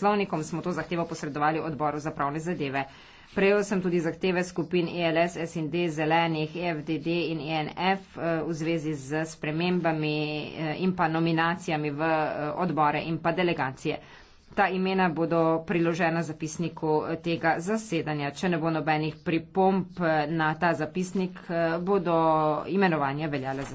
poslovnikom smo to zahtevo posredovali odboru za pravne zadeve. Prejel sem tudi zahteve skupin ELS, SND, Zelenih, e FDD in ENF eh, v zvezi z spremembami eh, in pa nominacijami v eh, odbore in pa delegacije. Ta imena bodo priložena zapisniku tega zasedanja. Če ne bo nobenih pripomp na ta zapisnik, bodo imenovanja veljale za.